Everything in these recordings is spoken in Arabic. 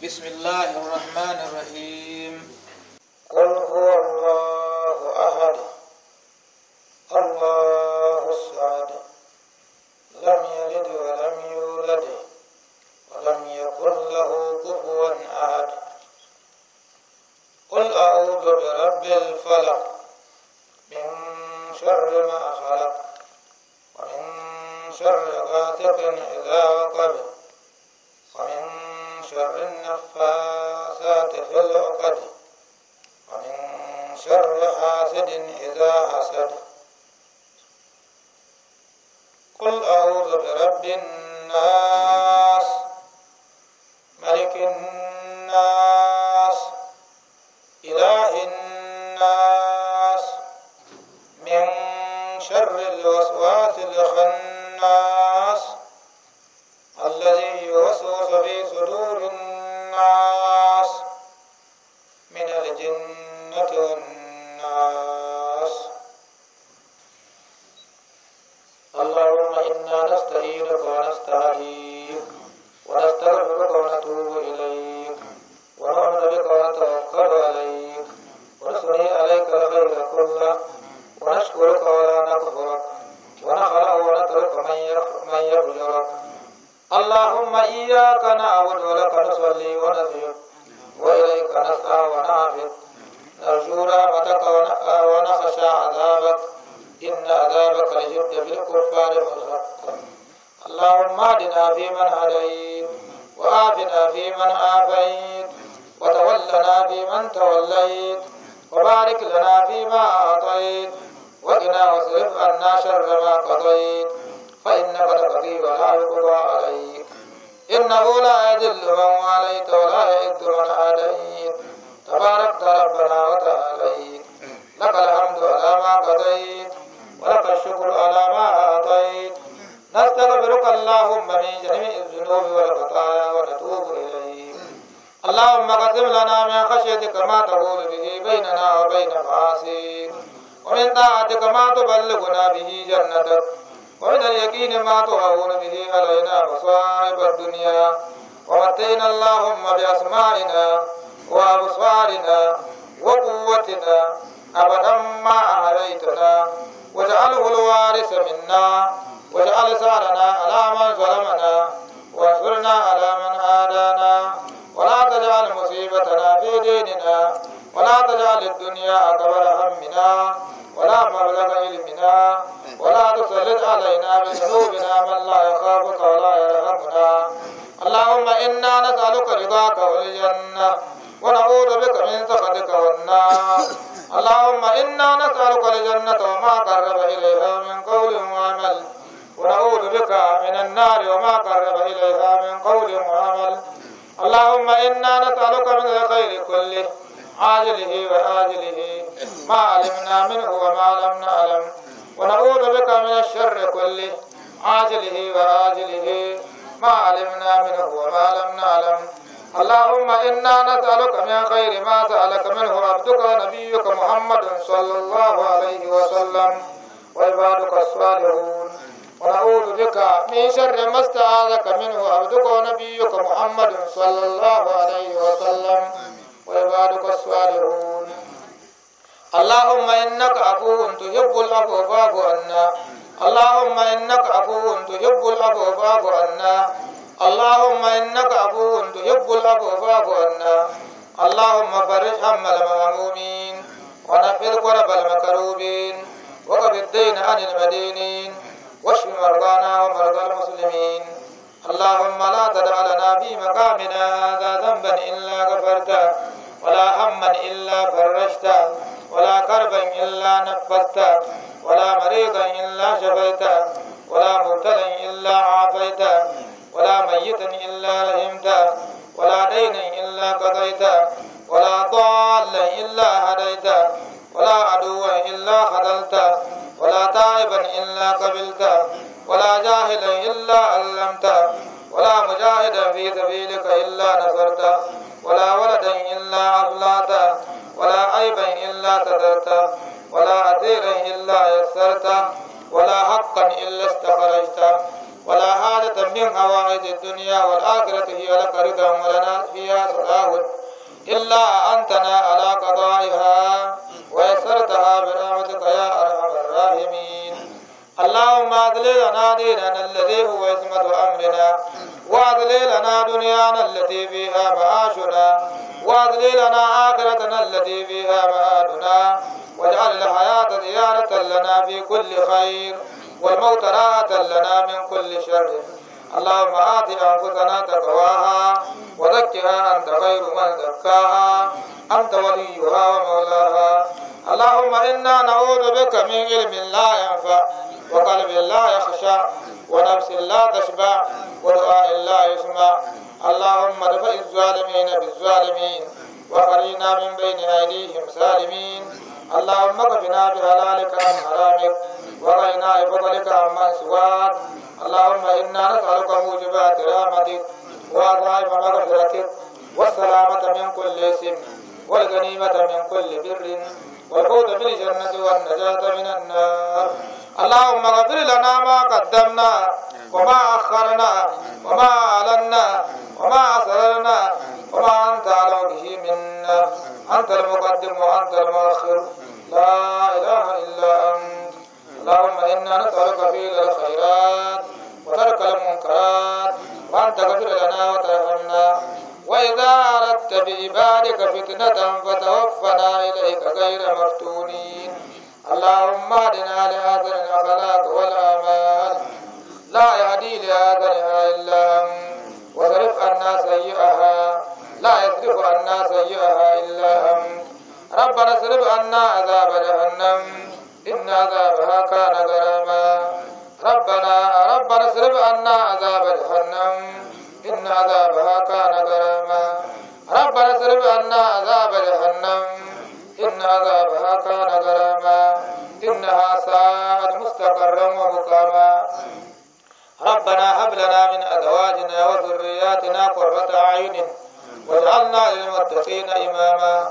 بسم الله الرحمن الرحيم قل هو الله أحد الله الصمد لم يلد ولم يولد ولم يكن له كفوا أحد قل أعوذ برب الفلق من شر ما خلق ومن شر غاسق إذا وقبل شر النفاثات في العقد ومن شر حاسد إذا حسد قل أعوذ برب الناس ملك الناس إله الناس من شر الوسواس الخناس الذي يوسوس في صدور الناس من الجنة والناس اللهم إنا نستعينك ونستهديك ونستغفرك ونتوب إليك ونؤمن بك ونتوكل عليك ونثني عليك الخير كله ونشكرك ولا نكفرك ونخلع ونترك من يخجلك اللهم إياك نعبد ولك نصلي ونسجد وإليك نسعى ونعبد نرجو رحمتك ونخشى عذابك إن عذابك لجد بالكفار مزهق اللهم اهدنا فيمن هديت وآفنا فيمن آفيت وتولنا فيمن توليت وبارك لنا فيما أعطيت وقنا واصرف عنا شر ما قضيت فإنك تقضي ولا يقضى عليك إنه لا يذل من واليت ولا يئد من عليك تبارك ربنا وتعاليك لك الحمد على ما قضيت ولك الشكر على ما أعطيت نستغفرك اللهم من جميع الذنوب والخطايا ونتوب إليك اللهم قسم لنا من خشيتك ما تقول به بيننا وبين معاصيك ومن طاعتك ما تبلغنا به جنتك ومن اليقين ما تهون به علينا مصائب الدنيا ومتينا اللهم بأسمائنا وأبصارنا وقوتنا أبدا ما أهليتنا واجعله الوارث منا واجعل ثارنا على من ظلمنا وانصرنا على من عادانا ولا تجعل مصيبتنا في ديننا ولا تجعل الدنيا أكبر همنا ولا مبلغ علمنا ولا تسلط علينا بذنوبنا من لا يخافك ولا يرحمنا اللهم إنا نسألك رضاك والجنة ونعوذ بك من سخطك والنار اللهم إنا نسألك الجنة وما قرب إليها من قول وعمل ونعوذ بك من النار وما قرب إليها من قول وعمل اللهم إنا نسألك عاجله وآجله ما علمنا منه وما لم نعلم ونعوذ بك من الشر كله عاجله وآجله ما علمنا منه وما لم نعلم اللهم إنا نسألك من خير ما سألك منه عبدك ونبيك محمد صلى الله عليه وسلم وعبادك الصالحون ونعوذ بك من شر ما استعاذك منه عبدك ونبيك محمد صلى الله عليه وسلم وعبادك الصالحون اللهم إنك عفو تحب العفو فاعف عنا اللهم إنك عفو تحب العفو فاعف عنا اللهم إنك عفو تحب العفو فاعف عنا اللهم فرج هم المهمومين ونفر كرب المكروبين وقف الدين عن المدينين واشف مرضانا ومرضى المسلمين اللهم لا تدع لنا في مقامنا هذا ذنبا إلا غفرته ولا هما إلا فرجته ولا كربا إلا نفذته ولا مريضا إلا إلا استخرجت ولا حاجة من حوائج الدنيا والآخرة هي لك رضا ولنا فيها تداول إلا أنتنا على قضائها ويسرتها برحمتك يا أرحم الراحمين اللهم أدللنا ديننا الذي هو عصمة أمرنا وأدللنا دنيانا التي فيها معاشنا وأدللنا آخرتنا التي فيها معادنا واجعل الحياة زيارة لنا في كل خير والموت راحة لنا من كل شر اللهم آت أنفسنا تقواها وزكها أنت خير من زكاها أنت وليها ومولاها اللهم إنا نعوذ بك من علم لا ينفع وقلب لا يخشع ونفس لا تشبع ودعاء لا يسمع اللهم ادفع الظالمين بالظالمين وقرينا من بين أيديهم سالمين اللهم اغفنا بهلالك عن حرامك ورأينا بفضلك عما سواك اللهم إنا نسألك موجبات رحمتك وعظائم مغفرتك والسلامة من كل اسم والغنيمة من كل بر والفوز بالجنة والنجاة من النار اللهم اغفر لنا ما قدمنا وما أخرنا وما أعلنا وما أسررنا وما أنت على به منا أنت المقدم وأنت المؤخر لا إله إلا أنت اللهم إنا نسألك في الخيرات وترك المنكرات وأن تغفر لنا وترحمنا وإذا أردت بعبادك فتنة فتوفنا إليك غير مفتونين اللهم أهدنا لهذا الأخلاق والآمال لا يهدي لهذا إلا أنت وصرف عنا سيئها لا يصرف عنا سيئها إلا أنت ربنا صرف عنا عذاب جهنم إن عذابها كان ربنا ربنا اصرف عنا عذاب جهنم إن عذابها كان غراما ربنا اصرف عنا عذاب جهنم إن عذابها كان غراما إنها ساءت مستقرا ومقاما ربنا هب لنا من أزواجنا وذرياتنا قرة أعين واجعلنا للمتقين إماما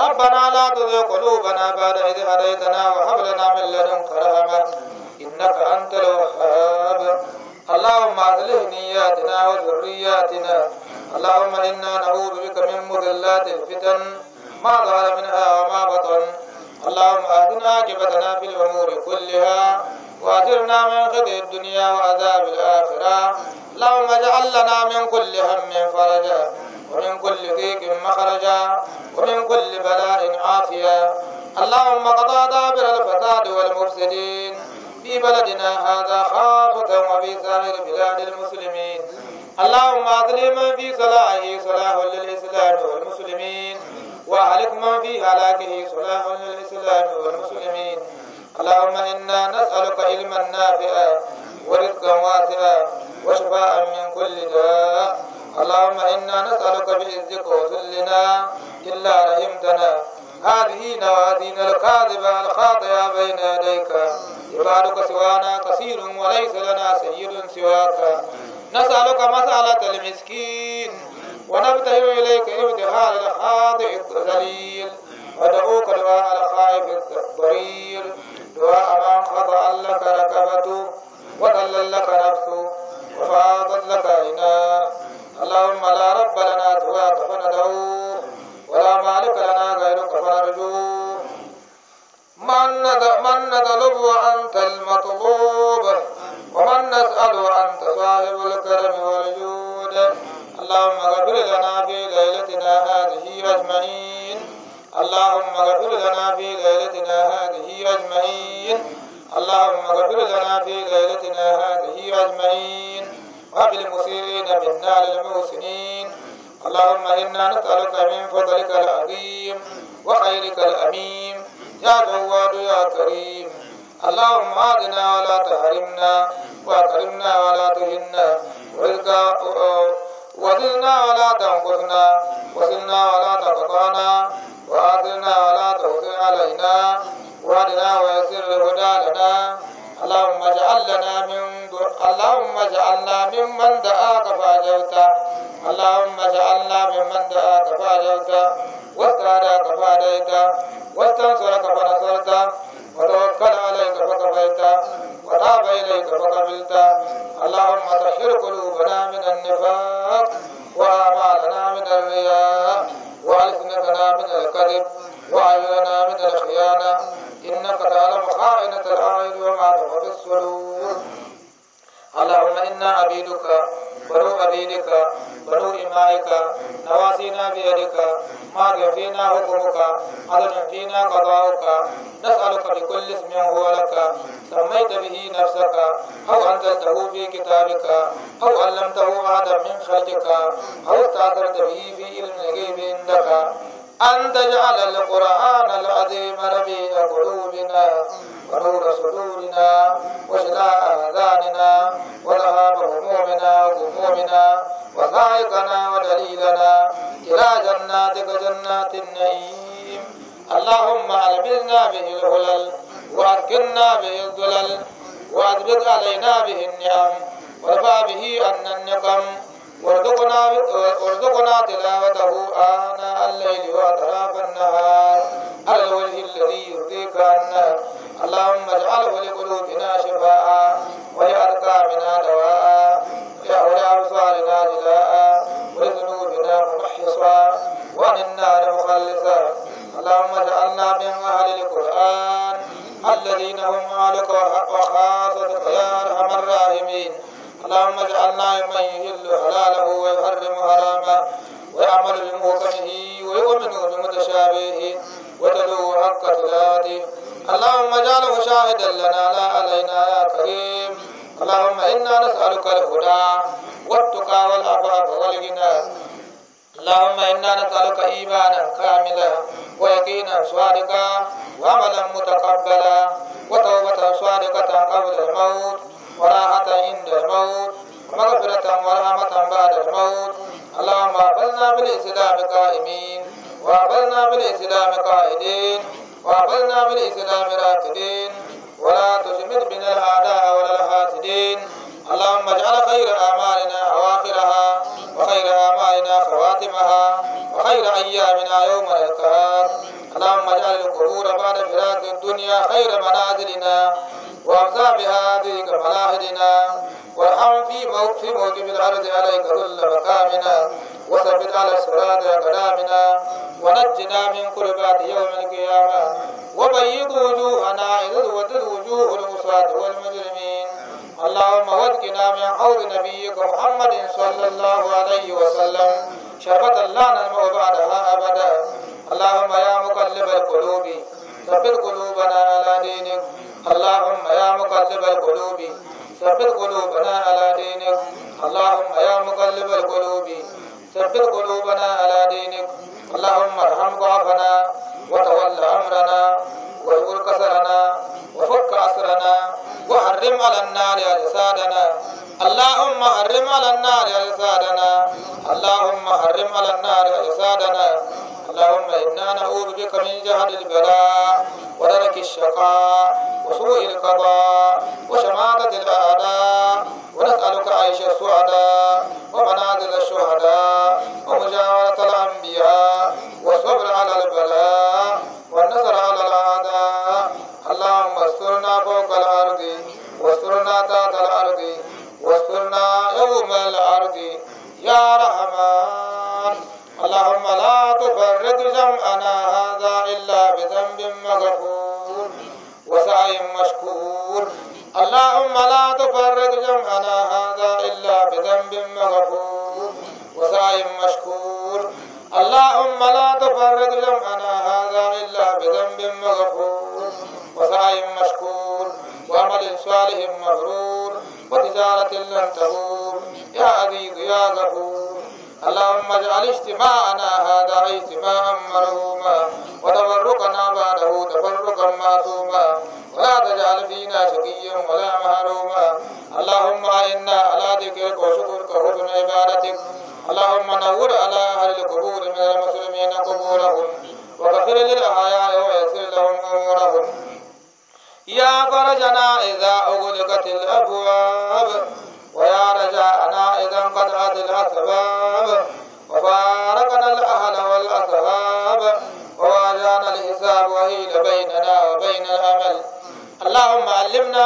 ربنا لا تزغ قلوبنا بعد إذ هديتنا وهب لنا من لدنك رحمة إنك أنت الوهاب اللهم أصلح نياتنا وذرياتنا اللهم إنا نعوذ بك من مضلات الفتن ما ظهر منها وما بطن اللهم أهدنا عاقبتنا في الأمور كلها وأجرنا من خزي الدنيا وعذاب الآخرة اللهم اجعل لنا من كل هم فرجا ومن كل ضيق مخرجا ومن كل بلاء عافيا اللهم قضى دابر الفساد والمفسدين في بلدنا هذا خاصة وفي سائر بلاد المسلمين اللهم أظلم من في صلاحه صلاح للإسلام والمسلمين وأهلك من في هلاكه صلاح للإسلام والمسلمين اللهم إنا نسألك علما نافعا ورزقا واسعا وشفاء من كل داء اللهم إنا نسألك بعزك وذلنا إلا رحمتنا هذه نوازين الكاذبة الخاطئة بين يديك عبادك سوانا كثير وليس لنا سيد سواك نسألك مسألة المسكين ونبتهل إليك ابتهال الخاطئ الذليل ودعوك دعاء الخائف الضرير دعاء من خطأ لك ركبته وذلل لك نفسه وفاضت لك عيناه اللهم لا رب لنا سواك فندعوه ولا مالك لنا غيرك فنرجوه من ند من نطلب وانت المطلوب ومن نسال وانت صاحب الكرم والجود اللهم اغفر لنا في ليلتنا هذه اجمعين اللهم اغفر لنا في ليلتنا هذه اجمعين اللهم اغفر لنا في ليلتنا هذه اجمعين وبالمسيئين من نار المؤسنين اللهم إنا نسألك من فضلك العظيم وخيرك الأميم يا جواد يا كريم اللهم أغنى ولا تحرمنا وأكرمنا ولا تهنا ورزقا وزلنا ولا تنقصنا وزلنا ولا تقطعنا وآثرنا ولا تغفر علينا وأدنا ويسر الهدى لنا اللهم اجعل لنا من اللهم اجعلنا ممن دعاك فاجبته اللهم اجعلنا ممن دعاك فاجبته واستعانك فعليك واستنصرك فنصرت وتوكل عليك فكفيت وتاب اليك فقبلت اللهم طهر قلوبنا من النفاق شكرك عدد فينا قضاؤك نسألك بكل اسم هو لك سميت به نفسك أو أنزلته في كتابك أو علمته أحدا من خلقك أو استأثرت به في علم الغيب عندك أن تجعل القرآن العظيم ربيع قلوبنا ونور صدورنا وشلاء أذاننا وذهاب همومنا وغمومنا وسائقنا ودليلنا إلى جناتك جنات النعيم اللهم ألبسنا به الهلل وأركنا به الظلل وأثبت علينا به النعم وارفع به أن النقم وارزقنا تلاوته آناء الليل وأطراف النهار على الوجه الذي يرضيك عنا اللهم اجعله لقلوبنا شفاء ولأركامنا دواء ولأبصارنا سبلك الهدى والتقى والعفاف والغنى اللهم انا نسالك ايمانا كاملا ويقينا صادقا وعملا متقبلا وتوبه صادقه قبل الموت وراحه عند الموت مغفرة ورحمة بعد الموت اللهم أقبلنا بالإسلام قائمين وأقبلنا بالإسلام قائدين وأقبلنا بالإسلام راكدين ولا تجمد بنا الأعداء ولا الحاسدين اللهم اجعل خير اعمالنا اواخرها وخير اعمالنا خواتمها وخير ايامنا يوم الالتقاء اللهم اجعل القبور بعد فراق الدنيا خير منازلنا وامسى هذه ذيك وارحم في موقف موقف الارض عليك ذل مقامنا وثبت على صراط اقدامنا ونجنا من كربات يوم القيامه وبيض وجوهنا اذ وجوه المصاد والمجرمين اللهم واتقنا من حوض نبيك محمد صلى الله عليه وسلم شربة الله نعم وبعدها أبدا اللهم يا مقلب القلوب ثبت قلوبنا على دينك اللهم يا مقلب القلوب ثبت قلوبنا على دينك اللهم يا مقلب القلوب ثبت قلوبنا على دينك اللهم ارحم ضعفنا وتول امرنا واجبر كسرنا وفك اسرنا وحرم على النار أجسادنا اللهم حرم على النار أجسادنا اللهم حرم على النار أجسادنا اللهم إنا نعوذ بك من جهل البلاء ودرك الشقاء وسوء القضاء وشماتة الأعداء ونسألك عيش السعداء وسعي مشكور اللهم لا تفرد جمعنا هذا إلا بذنب مغفور وسعي مشكور وعمل صالح مغرور وتجارة لن تبور يا عزيز يا غفور اللهم اجعل اجتماعنا هذا اجتماعا مرهوما وتفرقنا بعده تفرقا شكرا معصوما ولا تجعل فينا شقيا ولا محروما اللهم إنا على ذكرك وشكرك وحسن عبادتك اللهم نور على أهل القبور من المسلمين قبورهم وغفر للأحياء ويسر لهم أمورهم يا فرجنا إذا أغلقت الأبواب ويا رجاءنا إذا انقطعت الأسباب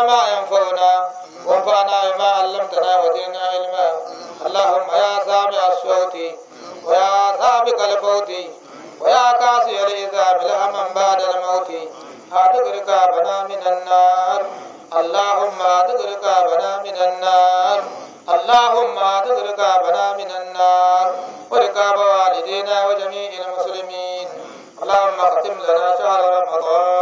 ما ينفعنا وانفعنا بما علمتنا وزدنا علما اللهم يا سامع الصوت ويا سابق الفوت ويا كاسي العذاب لهما بعد الموت هاتك ركابنا من النار اللهم هاتك ركابنا من النار اللهم هاتك ركابنا من النار وركاب والدينا وجميع المسلمين اللهم اختم لنا شهر رمضان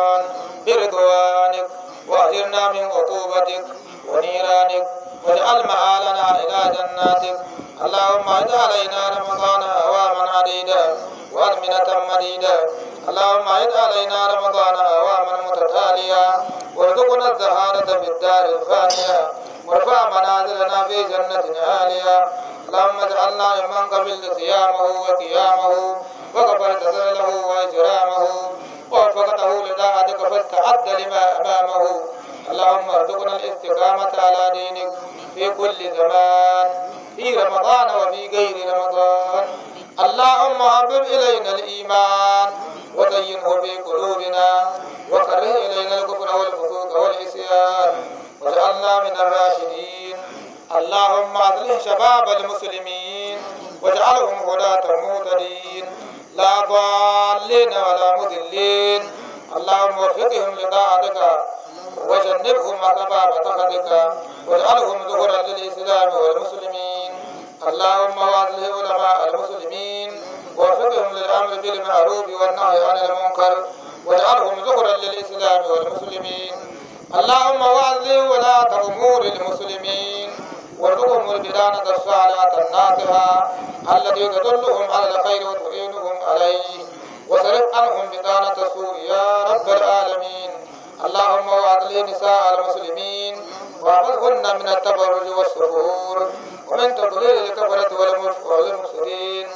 وجنا من عقوبتك ونيرانك واجعل مآلنا إلى جناتك اللهم اجعل علينا رمضان أواما عديدا وأزمنة مديدة اللهم اجعل علينا رمضان أواما متتالية وارزقنا الزهارة في الدار الفانية وارفع منازلنا في جنة عالية اللهم اجعلنا ممن قبلت صيامه وقيامه وغفرت سهله وإجرامه ووفقته لطاعتك فاستعد لما أمامه اللهم ارزقنا الاستقامة على دينك في كل زمان في رمضان وفي غير رمضان اللهم حبب إلينا الإيمان وزينه في قلوبنا وكره إلينا الكفر والفسوق والعصيان واجعلنا من الراشدين اللهم أذله شباب المسلمين واجعلهم هداة مهتدين لا ضالين ولا مذلين اللهم وفقهم لطاعتك وجنبهم عقباب طهرك واجعلهم ظهرا للإسلام والمسلمين اللهم وأصلح علماء المسلمين وفقهم للأمر بالمعروف والنهي عن المنكر واجعلهم ظهرا للإسلام والمسلمين اللهم وأصلح ولاة أمور المسلمين وارزقهم البلانة الصالحة الناطقة التي تدلهم على الخير وتعينهم عليه وصرف عنهم بطانة السوء يا رب العالمين اللهم واغل نساء المسلمين واغلهن من التبرج والسرور ومن تضليل الكفرة والمفسدين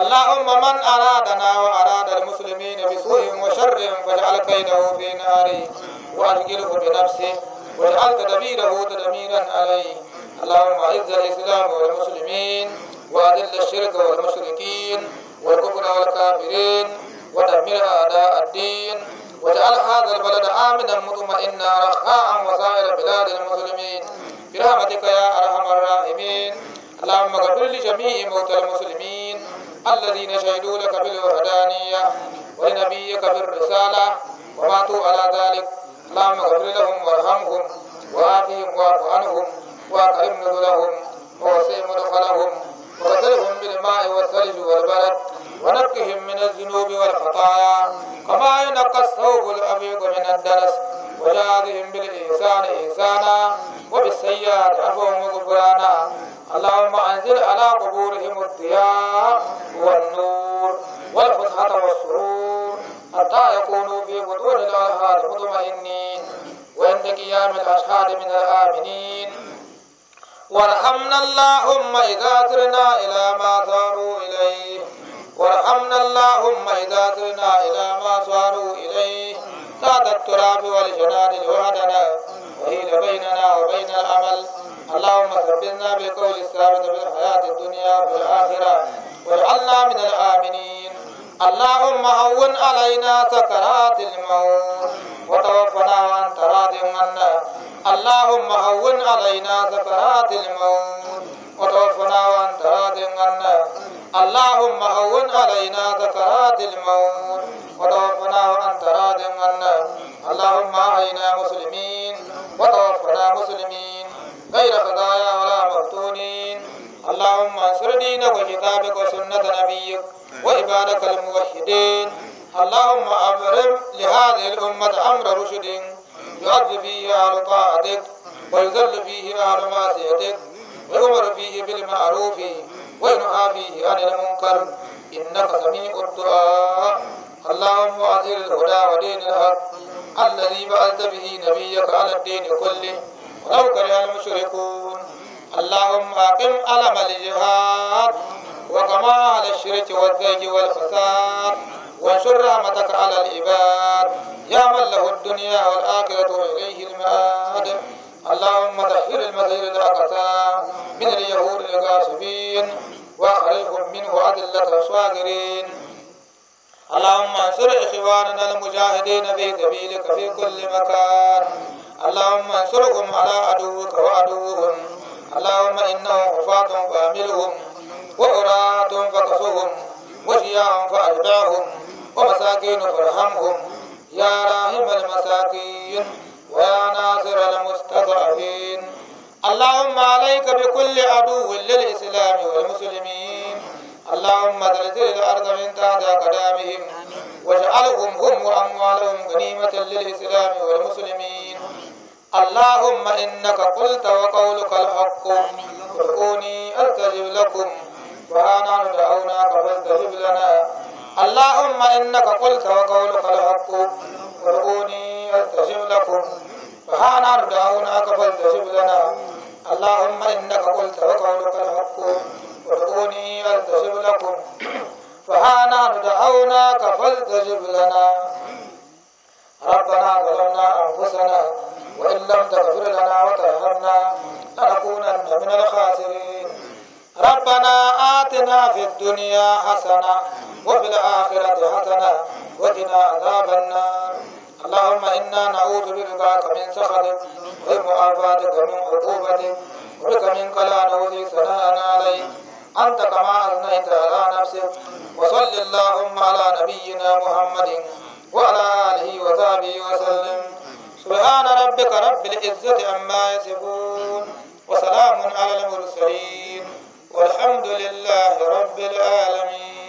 اللهم من أرادنا وأراد المسلمين بسوء وشر فاجعل كيده في ناري وأرجله بنفسه واجعل تدبيره تدميرا عليه اللهم أعز الإسلام والمسلمين وأذل الشرك والمشركين والكفر والكافرين ودمر أعداء الدين وجعل هذا البلد آمنا مطمئنا رخاء وسائر بلاد المسلمين برحمتك يا أرحم الراحمين اللهم اغفر لجميع موتى المسلمين الذين شهدوا لك بالوحدانية ولنبيك بالرسالة وماتوا على ذلك اللهم اغفر لهم وارحمهم وآتهم واعف عنهم وأكرم نزلهم ووسع مدخلهم وغسلهم بالماء والثلج والبرد ونقهم من الذنوب والخطايا كما ينقى الثوب الأبيض من الدنس وجازهم بالإحسان إحسانا وبالسيئات عفوهم غفرانا اللهم أنزل على قبورهم الضياء والنور والفتحة والسرور حتى يكونوا في بطون الأرهاب مطمئنين وعند قيام الأشهاد من الآمنين وارحمنا اللهم إذا ترنا إلى ما ثاروا إليه وارحمنا اللهم إذا تنا إلى ما صاروا إليه بعد التراب والجنان جهدنا وهي بيننا وبين العمل اللهم ثبتنا بقول السلامه في الحياة الدنيا والاخره واجعلنا من الآمنين اللهم هون علينا سكرات الموت وتوفنا وأنت تراد منا اللهم هون علينا سكرات الموت وتوفنا وأنت تراد منا اللهم هون علينا ذكرات الموت وتوفنا وانت راض عنا اللهم احينا مسلمين وتوفنا مسلمين غير خزايا ولا مفتونين اللهم انصر دينك وكتابك وسنة نبيك وعبادك الموحدين اللهم أبرم لهذه الأمة أمر رشد يعد فيه أهل طاعتك ويذل فيه أهل معصيتك ويؤمر فيه بالمعروف وينهى به عن المنكر إنك سميع الدعاء اللهم أعزل الهدى ودين الحق الذي بعثت به نبيك على الدين كله ولو كره المشركون اللهم أقم ألم الجهاد وكما على الشرك والزيج والفساد وانشر رحمتك على العباد يا من له الدنيا والآخرة وإليه المآد اللهم طهر المسجد الأقصى من الغاصبين واخرجهم منه أذلة الصاغرين اللهم انصر إخواننا المجاهدين في سبيلك في كل مكان اللهم انصرهم على عدوك وعدوهم اللهم إنهم حفاة فأملهم وأراة فقصهم وشياء فأتبعهم ومساكين فارحمهم يا راهب المساكين ويا ناصر المستضعفين اللهم عليك بكل عدو للإسلام والمسلمين اللهم زلزل الأرض من تحت أقدامهم واجعلهم هم وأموالهم غنيمة للإسلام والمسلمين اللهم إنك قلت وقولك الحق ادعوني أستجب لكم وها نحن دعوناك فاستجب لنا اللهم إنك قلت وقولك الحق ادعوني أستجب لكم فهانا ندعوناك فاستجب لنا اللهم إنك قلت وقولك الحق ادعوني والتجب لكم فهانا ندعوناك دعوناك لنا ربنا ظلمنا أنفسنا وإن لم تغفر لنا وترحمنا لنكونن من الخاسرين ربنا آتنا في الدنيا حسنة وفي الآخرة حسنة وقنا عذاب النار اللهم إنا نعوذ برضاك من سخطك ومعافاتك من عقوبتك ولك منك لا نوذي ثناء عليك أنت كما أثنيت على نفسك وصل اللهم على نبينا محمد وعلى آله وصحبه وسلم سبحان ربك رب العزة عما يصفون وسلام على المرسلين والحمد لله رب العالمين